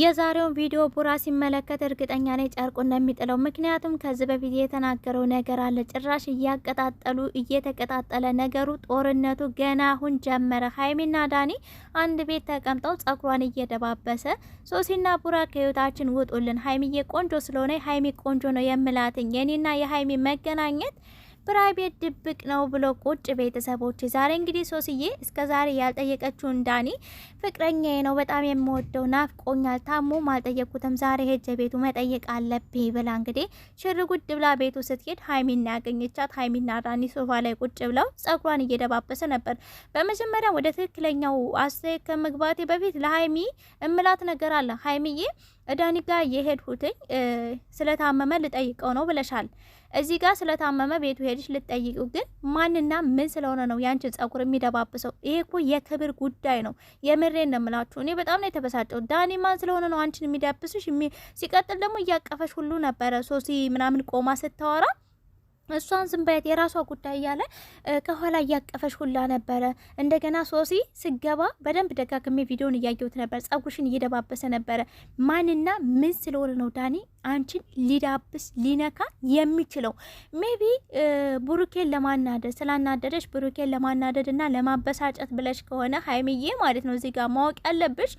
የዛሬውን ቪዲዮ ቡራ ሲመለከት እርግጠኛ ነኝ ጨርቁን ነው ምክንያቱም ከዚህ በፊት የተናገረው ነገር አለ። ጭራሽ እያቀጣጠሉ እየተቀጣጠለ ነገሩ፣ ጦርነቱ ገና አሁን ጀመረ። ሀይሚና ዳኒ አንድ ቤት ተቀምጠው ጸጉሯን እየደባበሰ ሶሲና ቡራ ከህይወታችን ውጡልን፣ ሀይሚዬ ቆንጆ ስለሆነ ሀይሚ ቆንጆ ነው የምላትኝ የኔና የሀይሚ መገናኘት ፕራይቬት ድብቅ ነው ብሎ ቁጭ ቤተሰቦች። ዛሬ እንግዲህ ሶስዬ እስከ ዛሬ ያልጠየቀችውን ዳኒ ፍቅረኛዬ ነው በጣም የምወደው ናፍቆኛል፣ ታሞም አልጠየቅኩትም፣ ዛሬ ሄጀ ቤቱ መጠየቅ አለብኝ ብላ እንግዲህ ሽርጉድ ብላ ቤቱ ስትሄድ ሀይሚና ያገኘቻት። ሀይሚና ዳኒ ሶፋ ላይ ቁጭ ብለው ጸጉሯን እየደባበሰ ነበር። በመጀመሪያ ወደ ትክክለኛው አስተያየት ከመግባቴ በፊት ለሀይሚ እምላት ነገር አለ ሀይሚዬ እዳኒ ጋ የሄድሁትኝ ስለታመመ ልጠይቀው ነው ብለሻል። እዚህ ጋር ስለታመመ ቤቱ ሄድሽ ልጠይቁ፣ ግን ማንና ምን ስለሆነ ነው ያንቺን ጸጉር የሚደባብሰው? ይሄ እኮ የክብር ጉዳይ ነው። የምሬ እንደምላችሁ እኔ በጣም ነው የተበሳጨው። ዳኒ ማን ስለሆነ ነው አንቺን የሚደብስሽ? ሲቀጥል ደግሞ እያቀፈሽ ሁሉ ነበረ ሶሲ ምናምን ቆማ ስታወራ እሷን ዝም በያት የራሷ ጉዳይ እያለ ከኋላ እያቀፈሽ ሁላ ነበረ። እንደገና ሶሲ ስገባ በደንብ ደጋግሜ ቪዲዮን እያየሁት ነበር። ጸጉርሽን እየደባበሰ ነበረ። ማንና ምን ስለሆነ ነው ዳኒ አንቺን ሊዳብስ ሊነካ የሚችለው ሜቢ ብሩኬን ለማናደድ ስላናደደች ብሩኬን ለማናደድ እና ለማበሳጨት ብለሽ ከሆነ ሀይሚዬ ማለት ነው እዚህ ጋር ማወቅ ያለብሽ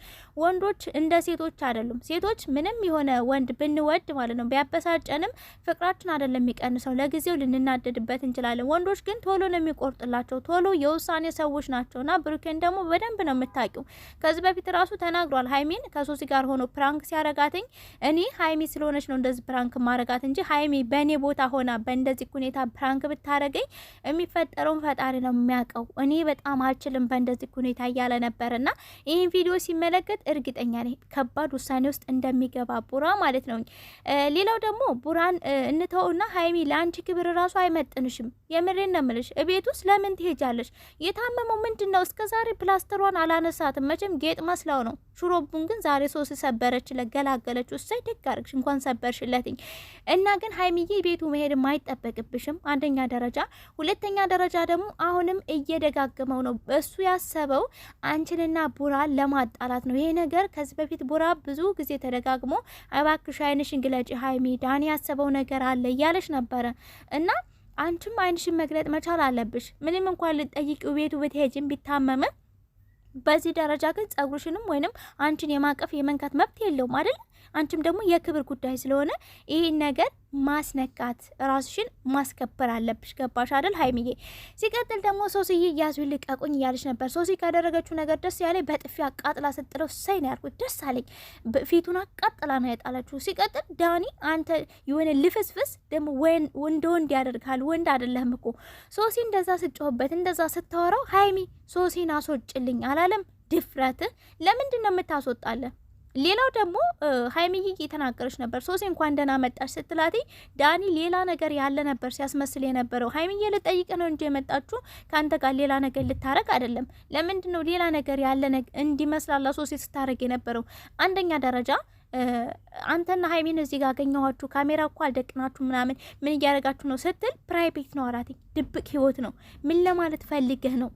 ወንዶች እንደ ሴቶች አይደሉም። ሴቶች ምንም የሆነ ወንድ ብንወድ ማለት ነው ቢያበሳጨንም ፍቅራችን አይደለም የሚቀንሰው፣ ለጊዜው ልንናደድበት እንችላለን። ወንዶች ግን ቶሎ ነው የሚቆርጥላቸው፣ ቶሎ የውሳኔ ሰዎች ናቸው እና ብሩኬን ደግሞ በደንብ ነው የምታውቂው። ከዚህ በፊት ራሱ ተናግሯል። ሀይሚን ከሶሲ ጋር ሆኖ ፕራንክ ሲያረጋትኝ እኔ ሀይሚ ስለሆነ ስለሆነች ነው እንደዚህ ፕራንክ ማረጋት እንጂ ሀይሜ በእኔ ቦታ ሆና በእንደዚህ ሁኔታ ፕራንክ ብታረገኝ የሚፈጠረውን ፈጣሪ ነው የሚያውቀው። እኔ በጣም አልችልም በእንደዚህ ሁኔታ እያለ ነበር እና ይህን ቪዲዮ ሲመለከት እርግጠኛ ነኝ ከባድ ውሳኔ ውስጥ እንደሚገባ ቡራ ማለት ነው። ሌላው ደግሞ ቡራን እንተውና ሀይሚ ለአንቺ ክብር ራሱ አይመጥንሽም። የምሬን ነው የምልሽ። እቤት ውስጥ ለምን ትሄጃለሽ? የታመመው ምንድን ነው? እስከ ዛሬ ፕላስተሯን አላነሳትም። መቼም ጌጥ መስላው ነው። ሹሮቡን ግን ዛሬ ሶስት ሰበረች፣ ለገላገለች። ውሳይ ደግ አርግሽ እንኳን ሰበርሽለትኝ እና ግን ሀይሚዬ ቤቱ መሄድ አይጠበቅብሽም። አንደኛ ደረጃ፣ ሁለተኛ ደረጃ ደግሞ አሁንም እየደጋገመው ነው። እሱ ያሰበው አንቺንና ቡራን ለማጣላት ነው። ይሄ ነገር ከዚህ በፊት ቡራ ብዙ ጊዜ ተደጋግሞ እባክሽ አይንሽን ግለጪ ሀይሚ፣ ዳኒ ያሰበው ነገር አለ እያለሽ ነበረ እና አንቺም አይንሽን መግለጥ መቻል አለብሽ። ምንም እንኳን ልጠይቅ ቤቱ ብትሄጂም ቢታመምም በዚህ ደረጃ ግን ጸጉርሽንም ወይንም አንቺን የማቀፍ የመንካት መብት የለውም አይደለም። አንቺም ደግሞ የክብር ጉዳይ ስለሆነ ይህን ነገር ማስነቃት ራስሽን ማስከበር አለብሽ። ገባሽ አደል ሀይሚዬ? ሲቀጥል ደግሞ ሶስዬ ያዙ ልቀቁኝ እያለች ነበር። ሶሲ ካደረገችው ነገር ደስ ያለ በጥፊ አቃጥላ ስጥለው ሰይ ነው ያልኩት። ደስ አለኝ። ፊቱን አቃጥላ ነው የጣለችው። ሲቀጥል ዳኒ አንተ የሆነ ልፍስፍስ ደግሞ ወንድ ወንድ ያደርግሃል። ወንድ አደለህም እኮ ሶሲ እንደዛ ስጮህበት እንደዛ ስታወራው ሀይሚ ሶሲን አስወጭልኝ አላለም። ድፍረትህ ለምንድን ነው የምታስወጣለን? ሌላው ደግሞ ሀይሚዬ እየተናገረች ነበር። ሶሴ እንኳን ደህና መጣች ስትላት ዳኒ ሌላ ነገር ያለ ነበር ሲያስመስል የነበረው። ሀይሚዬ ልጠይቅ ነው እንጂ የመጣችሁ ከአንተ ጋር ሌላ ነገር ልታረግ አይደለም። ለምንድን ነው ሌላ ነገር ያለ እንዲመስላላ ሶሴ ስታረግ የነበረው? አንደኛ ደረጃ አንተና ሀይሚን እዚህ ጋር አገኘኋችሁ፣ ካሜራ እኮ አልደቅናችሁ ምናምን ምን እያደረጋችሁ ነው ስትል ፕራይቬት ነው አላት። ድብቅ ህይወት ነው። ምን ለማለት ፈልገህ ነው?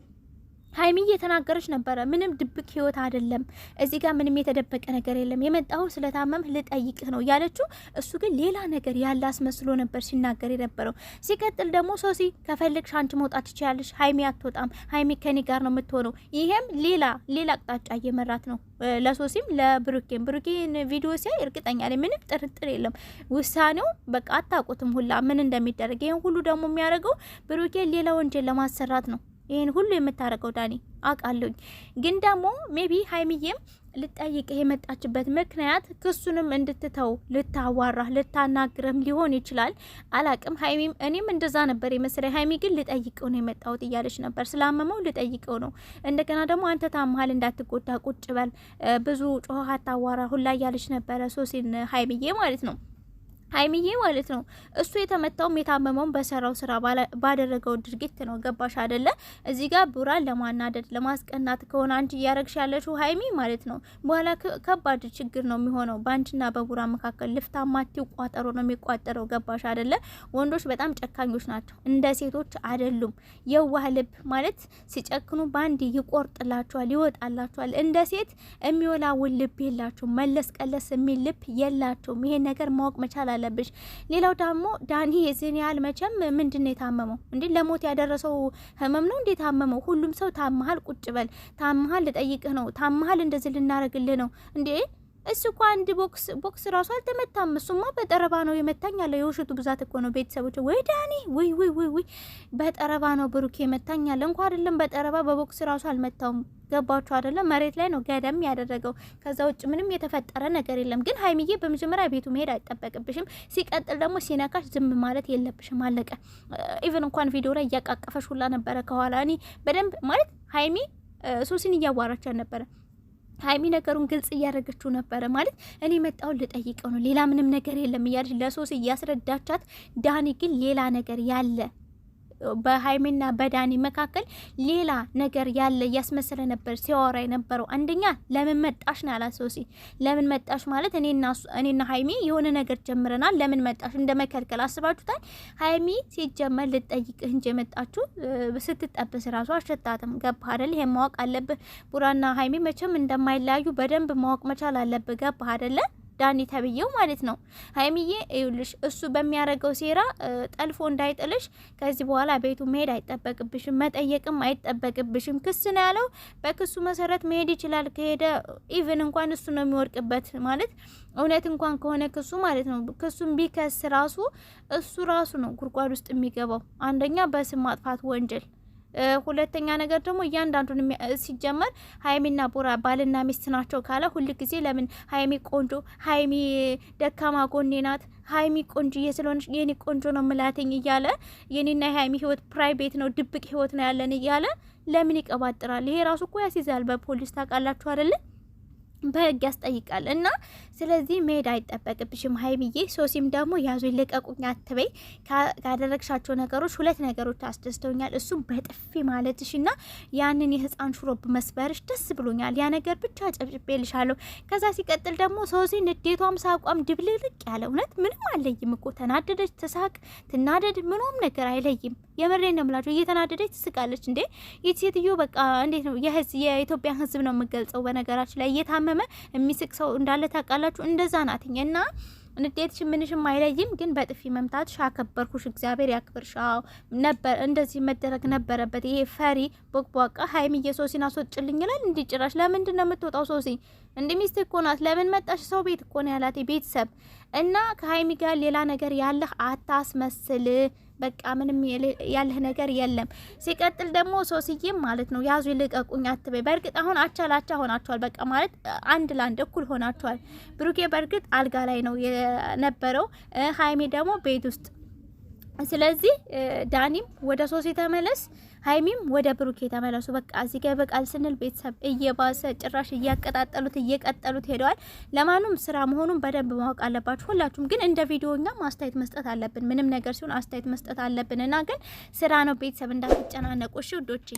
ሀይሚ እየተናገረች ነበረ። ምንም ድብቅ ህይወት አይደለም፣ እዚህ ጋር ምንም የተደበቀ ነገር የለም። የመጣሁ ስለታመምህ ልጠይቅህ ነው ያለችው። እሱ ግን ሌላ ነገር ያለ አስመስሎ ነበር ሲናገር የነበረው። ሲቀጥል ደግሞ ሶሲ ከፈለግሽ አንቺ መውጣት ትችያለሽ፣ ሀይሚ አትወጣም፣ ሀይሚ ከኔ ጋር ነው የምትሆነው። ይሄም ሌላ ሌላ አቅጣጫ እየመራት ነው ለሶሲም ለብሩኬም። ብሩኬን ቪዲዮ ሲያይ እርግጠኛ ላይ ምንም ጥርጥር የለም ውሳኔው በቃ አታውቁትም ሁላ ምን እንደሚደረግ። ይህን ሁሉ ደግሞ የሚያደርገው ብሩኬን ሌላ ወንጀል ለማሰራት ነው ይህን ሁሉ የምታረገው ዳኒ አውቃለሁኝ። ግን ደግሞ ሜቢ ሀይሚዬም ልጠይቅህ የመጣችበት ምክንያት ክሱንም እንድትተው ልታዋራህ ልታናግረም ሊሆን ይችላል። አላቅም። ሀይሚም እኔም እንደዛ ነበር የመሰለኝ። ሀይሚ ግን ልጠይቀው ነው የመጣሁት እያለች ነበር። ስላመመው ልጠይቀው ነው። እንደገና ደግሞ አንተ ታመሃል እንዳትጎዳ ቁጭ በል ብዙ ጮኸህ አታዋራ ሁላ እያለች ነበረ ሶሲን ሀይሚዬ ማለት ነው። ሀይሚዬ ማለት ነው እሱ የተመታውም የታመመውን በሰራው ስራ ባደረገው ድርጊት ነው። ገባሽ አደለ? እዚህ ጋር ቡራን ለማናደድ ለማስቀናት ከሆነ አንቺ እያረግሽ ያለሽው ሀይሚ ማለት ነው በኋላ ከባድ ችግር ነው የሚሆነው በአንቺና በቡራ መካከል። ልፍታማቲው ቋጠሮ ነው የሚቋጠረው። ገባሽ አይደለ? ወንዶች በጣም ጨካኞች ናቸው። እንደ ሴቶች አይደሉም። የዋህ ልብ ማለት ሲጨክኑ በአንድ ይቆርጥላቸዋል፣ ይወጣላቸዋል። እንደ ሴት የሚወላውን ልብ የላቸው መለስ ቀለስ የሚል ልብ የላቸውም። ይሄን ነገር ማወቅ መቻል አለብሽ። ሌላው ደግሞ ዳኒ የዚህን ያህል መቼም ምንድን ነው የታመመው እንዴ? ለሞት ያደረሰው ህመም ነው እንዴ ታመመው? ሁሉም ሰው ታመሃል፣ ቁጭ በል ታመሃል፣ ልጠይቅህ ነው ታመሃል፣ እንደዚህ ልናረግልህ ነው እንዴ እሱ እኮ አንድ ቦክስ ቦክስ ራሱ አልተመታም። እሱማ በጠረባ ነው የመታኝ አለ። የውሸቱ ብዛት እኮ ነው ቤተሰቦች። ወይ ዳኒ ወይ ወይ ወይ ወይ በጠረባ ነው ብሩኬ መታኝ አለ። እንኳ አይደለም በጠረባ በቦክስ ራሱ አልመታውም። ገባችሁ አይደለም? መሬት ላይ ነው ገደም ያደረገው። ከዛ ውጭ ምንም የተፈጠረ ነገር የለም። ግን ሀይሚዬ በመጀመሪያ ቤቱ መሄድ አይጠበቅብሽም። ሲቀጥል ደግሞ ሲነካሽ ዝም ማለት የለብሽም። አለቀ። ኢቨን እንኳን ቪዲዮ ላይ እያቃቀፈሽ ሁላ ነበረ ከኋላ። እኔ በደንብ ማለት ሀይሚ ሱሲን እያዋራቻት ነበረ ሀይሚ ነገሩን ግልጽ እያደረገችው ነበረ። ማለት እኔ መጣው ልጠይቀው ነው ሌላ ምንም ነገር የለም እያለች ለሶስ እያስረዳቻት፣ ዳኒ ግን ሌላ ነገር ያለ በሀይሚና በዳኒ መካከል ሌላ ነገር ያለ እያስመሰለ ነበር ሲያወራ የነበረው። አንደኛ ለምን መጣሽ ነው ያላት ሶሲ። ለምን መጣሽ ማለት እኔና ሀይሚ የሆነ ነገር ጀምረናል፣ ለምን መጣሽ እንደ መከልከል አስባችሁታል። ሀይሚ ሲጀመር ልጠይቅህ እንጂ የመጣችሁ ስትጠብስ ራሱ አሸጣትም። ገባ አይደል? ይሄ ማወቅ አለብህ። ቡራና ሀይሚ መቼም እንደማይለያዩ በደንብ ማወቅ መቻል አለብህ። ገባ አይደለም? ዳኒ ተብዬው ማለት ነው። ሀይሚዬ ይኸውልሽ እሱ በሚያደርገው ሴራ ጠልፎ እንዳይጥልሽ ከዚህ በኋላ ቤቱ መሄድ አይጠበቅብሽም፣ መጠየቅም አይጠበቅብሽም። ክስ ነው ያለው። በክሱ መሰረት መሄድ ይችላል። ከሄደ ኢቭን እንኳን እሱ ነው የሚወርቅበት ማለት እውነት እንኳን ከሆነ ክሱ ማለት ነው። ክሱም ቢከስ ራሱ እሱ ራሱ ነው ጉድጓድ ውስጥ የሚገባው አንደኛ በስም ማጥፋት ወንጀል ሁለተኛ ነገር ደግሞ እያንዳንዱን ሲጀመር ሀይሚና ቡራ ባልና ሚስት ናቸው ካለ ሁል ጊዜ ለምን ሀይሚ ቆንጆ፣ ሀይሚ ደካማ ጎኔ ናት፣ ሀይሚ ቆንጆ ስለሆነች የኔ ቆንጆ ነው ምላትኝ እያለ የኔና የሀይሚ ህይወት ፕራይቬት ነው ድብቅ ህይወት ነው ያለን እያለ ለምን ይቀባጥራል? ይሄ ራሱ እኮ ያስይዛል በፖሊስ ታውቃላችሁ አይደለን? በህግ ያስጠይቃል እና ስለዚህ መሄድ አይጠበቅብሽም ሀይሚዬ። ሶሲም ደግሞ ያዙ ይልቀቁኝ አትበይ። ካደረግሻቸው ነገሮች ሁለት ነገሮች አስደስተውኛል። እሱም በጥፊ ማለትሽ እና ያንን የህፃን ሹሮብ መስበርሽ ደስ ብሎኛል። ያ ነገር ብቻ አጨብጭቤልሻለሁ። ከዛ ሲቀጥል ደግሞ ሶሲ ንዴቷም ሳቋም ድብልቅ ያለ እውነት ምንም አለይም እኮ ተናደደች፣ ትሳቅ፣ ትናደድ ምንም ነገር አይለይም። የምሬ ነው እየተናደደች ትስቃለች። እንዴ ይህ ሴትዮ በቃ እንዴት ነው የኢትዮጵያ ህዝብ ነው የምገልጸው በነገራችን ላይ እየታመ እየታመመ የሚስቅ ሰው እንዳለ ታውቃላችሁ። እንደዛ ናትኝ እና ንዴትሽ ምንሽም አይለይም፣ ግን በጥፊ መምታትሽ አከበርኩሽ፣ እግዚአብሔር ያክብርሻው ነበር። እንደዚህ መደረግ ነበረበት። ይሄ ፈሪ ቦቅቧቃ ሀይሚዬ ሶሲን አስወጭልኝ ይላል። እንዲ ጭራሽ ለምንድን ነው የምትወጣው? ሶሲ እንዲ ሚስት እኮ ናት። ለምን መጣሽ? ሰው ቤት እኮ ነው ያላት ቤተሰብ እና ከሀይሚ ጋር ሌላ ነገር ያለህ አታስመስል። በቃ ምንም ያለህ ነገር የለም። ሲቀጥል ደግሞ ሶስዬም ማለት ነው ያዙ ይልቀቁኝ አትበይ። በእርግጥ አሁን አቻ ላቻ ሆናችኋል። በቃ ማለት አንድ ላንድ እኩል ሆናችኋል። ብሩኬ በእርግጥ አልጋ ላይ ነው የነበረው፣ ሀይሜ ደግሞ ቤት ውስጥ። ስለዚህ ዳኒም ወደ ሶስት የተመለስ ሀይሚም ወደ ብሩኬ ተመለሱ። በቃ እዚህ ጋር በቃል ስንል ቤተሰብ እየባሰ ጭራሽ እያቀጣጠሉት እየቀጠሉት ሄደዋል። ለማንም ስራ መሆኑን በደንብ ማወቅ አለባችሁ ሁላችሁም። ግን እንደ ቪዲዮኛ አስተያየት መስጠት አለብን። ምንም ነገር ሲሆን አስተያየት መስጠት አለብን እና ግን ስራ ነው ቤተሰብ እንዳትጨናነቁ እሺ ውዶቼ።